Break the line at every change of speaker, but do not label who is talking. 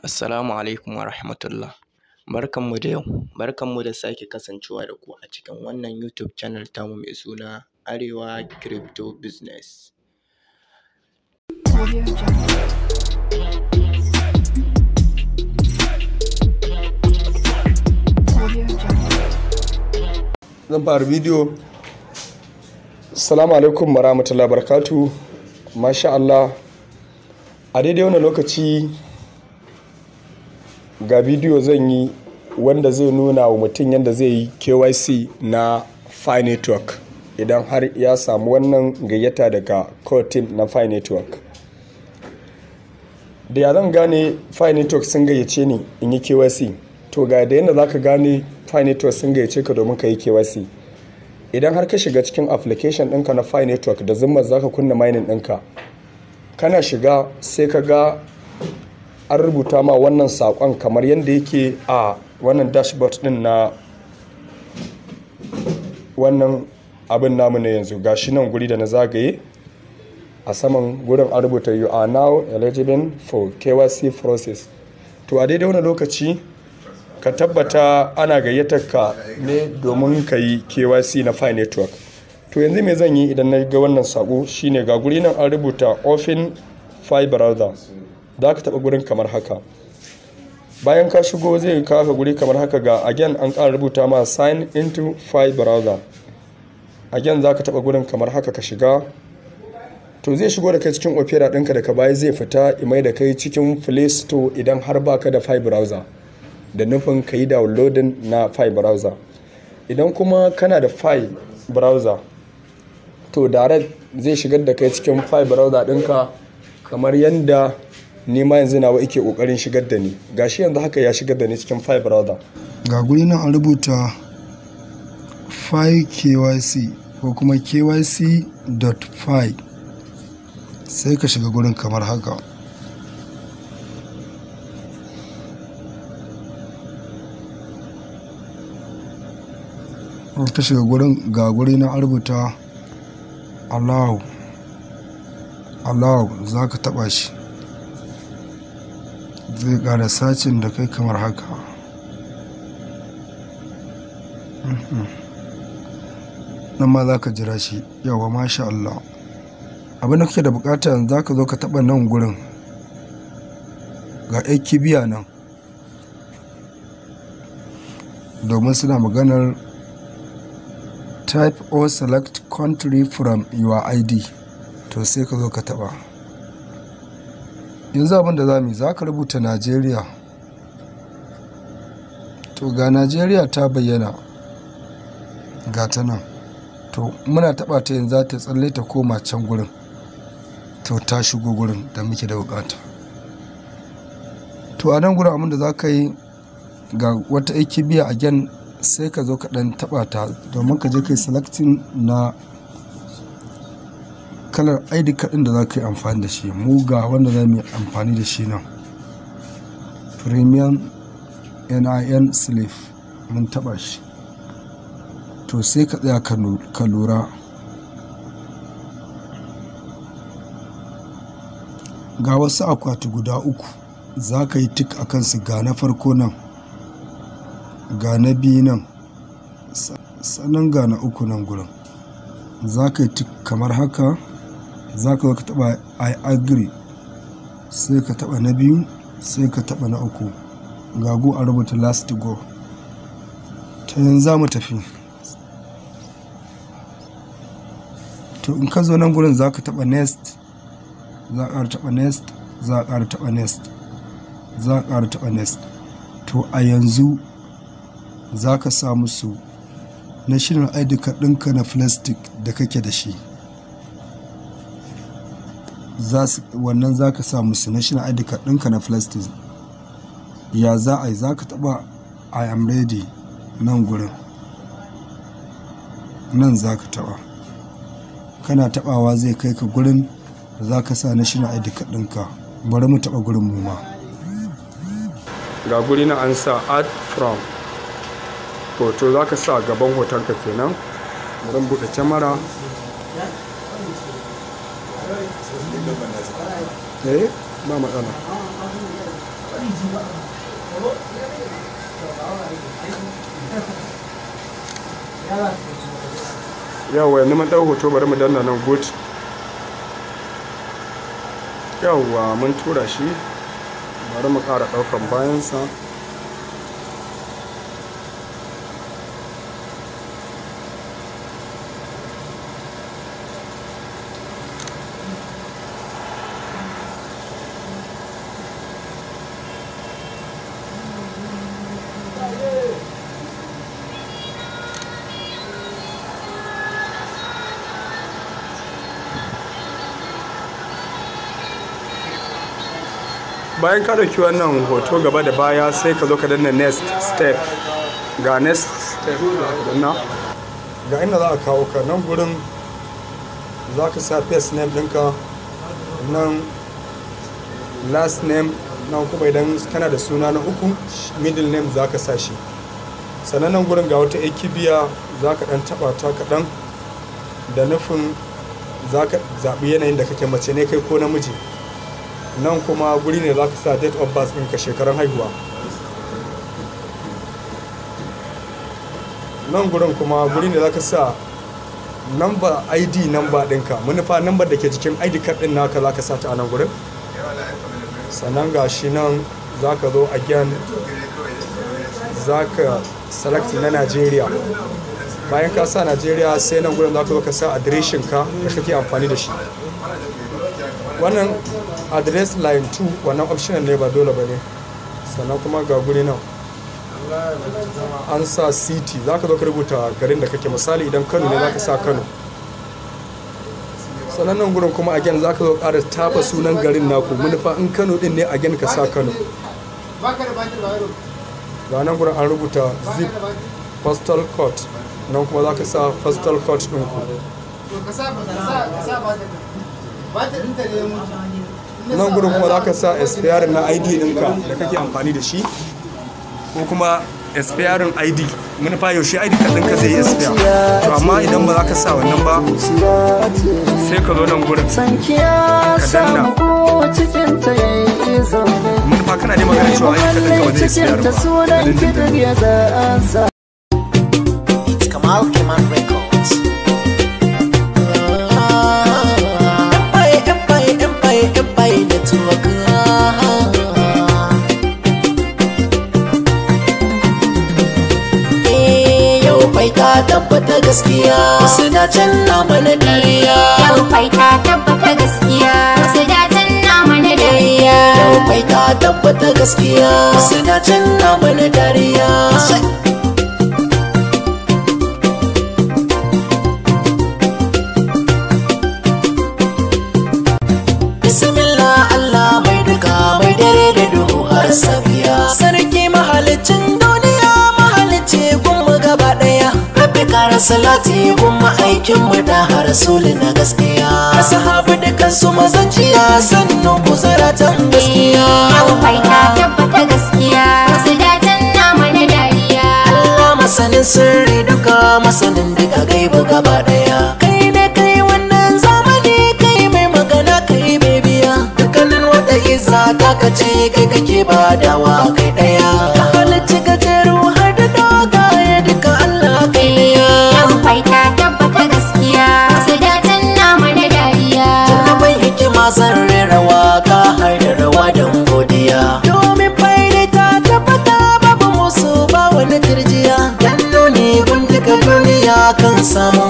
Assalamu alaikum wa rahmatullah. Barkanmu da yau, barkanmu da sake kasancewa da ku a cikin wannan YouTube channel tamu mai suna Arewa Crypto Business. Zan fara bidiyo. Assalamu alaikum wa rahmatullah barakatu. Masha Allah. A daidai wannan lokaci ga bidiyo zan yi wanda zai nuna wa mutum yadda zai yi kyc na network idan har ya samu wannan gayyata daga core team na network. da ya zan gane network sun gayyace ni in yi kyc to ga da yadda za ka gane network sun gayyace ka domin ka yi kyc idan har ka shiga cikin application ɗinka na network da zimmar za ka kunna mining ɗinka kana shiga sai ka ga an rubuta ma wannan saƙon kamar yadda yake a wannan dashboard din na wannan abin namu na yanzu ga shi nan guri da na zagaye a saman gurin an rubuta you are now eligible for KYC process to a daidai wani lokaci ka tabbata ana gayyatar ka ne domin ka yi KYC na Fi Network to yanzu mai zan yi idan na ga wannan sako shine ga guri nan an rubuta offin fiber za ka taɓa gurin kamar haka bayan ka shigo zai kawo guri kamar haka ga again an ƙara rubuta ma sign into file browser again za ka taɓa gurin kamar haka ka shiga to zai shigo da kai cikin opera ɗinka ka baya zai fita imai da kai cikin play idan har baka da file browser da nufin ka yi downloading na file browser idan kuma kana da file browser to direct zai shigar da kai cikin file browser ɗinka kamar yadda ni ma yanzu nawa ike kokarin shigar da ni gashi yanzu haka ya shigar da ni cikin five brother ga guri nan an rubuta five kyc ko kuma kyc dot five sai ka shiga gurin kamar haka ta shiga gurin ga guri na rubuta allow allow za ka taba shi zai ƙara sacin da kai kamar haka mhm. nan ma za ka jira shi yawa masha Allah abin da kake da bukata yanzu za ka zo ka taɓa nan gurin ga yan kibiya nan domin suna maganar type or select country from your id to sai ka zo ka taɓa yanzu abin da za mu yi za ka rubuta najeriya to ga najeriya ta bayyana ga ta nan to muna taɓa ta yanzu za ta tsalle ta koma can gurin to ta shigo gurin da muke da bukata to a nan gurin abin da za ka yi ga wata biya a gen sai ka zo ka ɗan taɓa ta domin ka je kai selecting na kalar ID kaɗin da za ka yi amfani da shi mu wanda za mu yi amfani da shi nan premium nin slave mun taɓa shi to sai ka tsaya ka lura ga wasu akwati guda uku za ka yi tik a kansu ga na farko nan ga na biyu nan sannan ga na uku nan gudun. za ka yi tik kamar haka za ka ka taɓa i agree sai ka taɓa na biyu sai ka taɓa na uku ga go a rubuta last go ta yanzu za mu tafi to in ka zo nan gurin za ka taɓa next za a ƙara taɓa next za a ƙara taɓa next za a ƙara taɓa next to a yanzu za ka samu su na shirin aidika ɗinka na plastic da kake da shi wannan za ka sa musu national id card ɗinka na plastic ya za a yi za ka taɓa i am ready nan gurin nan za ka taɓa kana taɓawa zai kai ka gurin za ka sa national id card ɗinka bari mu taɓa gurin mu ma ga guri na an sa add from to za ka sa gaban hotonka kenan bari buɗe kyamara eh ba matsala yanzu mun ɗau hoto bari mu danna nan good yawa mun tura shi bari mu ƙara ɗaukan bayansa bayan ka ɗauki wannan hoto gaba da baya sai ka zo ka danna next step ga next step danna ga inda za a kawo ka nan gurin za ka sa first name ɗinka nan last name nan kuma idan kana da suna na uku middle name za ka sa shi sannan nan gurin ga wata ekibiya za ka ɗan taɓa ta kaɗan da nufin za ka zaɓi yanayin da kake mace ne kai ko namiji nan kuma guri ne za ka sa date of birth ɗinka shekaran haihuwa nan gurin kuma guri ne za ka sa number id number ɗinka manufa number da ke jikin id card ɗin naka za ka sa ta a nan gurin sannan ga shi nan za ka zo again za ka select na nigeria bayan ka sa nigeria sai nan gurin za ka zo ka sa adireshin ka da kake amfani da shi wannan address line 2 wannan optional ne ba dole ba ne sannan kuma ga guri nan an sa city za ka zo ka rubuta garin da kake misali idan kano ne za ka sa kano sannan nan gurin kuma again za ka zo ƙara tafa sunan garin naku manufa in kano din ne again ka sa kano ga nan gurin an rubuta zip postal court nan kuma za ka sa postal court ɗinku. ka sa ba ta ne nan gudun kuma za ka sa expiring na id ɗinka da kake amfani da shi ko kuma expiring id fa yaushe id ka ɗinka zai yi expire to amma idan ba za ka sa wannan ba sai ka zo nan gudun ka danna fa kana ne magana cewa id ka ɗinka ba zai expire ba kamar kamar tabbata gaskiya wasu na mana dariya yau ta tabbata gaskiya wasu na canna mana dariya yau ta tabbata gaskiya wasu na mana dariya salati kuma aikin mu da rasuli na gaskiya ashabu da kansu mazanciya sannu ku zaratan gaskiya ta tabbata gaskiya na dariya Allah masanin sirri duka masanin duka gaiba gaba daya kai da kai wannan zamani kai mai magana kai mai biya dukkanin wata izza ta kace kai kake badawa kai daya pasamos